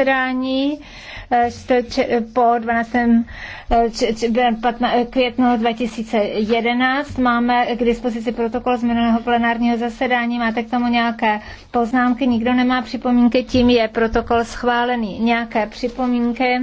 zasedání eh, po 12. Eh, květnu 2011. Máme k dispozici protokol z minulého plenárního zasedání. Máte k tomu nějaké poznámky? Nikdo nemá připomínky, tím je protokol schválený. Nějaké připomínky?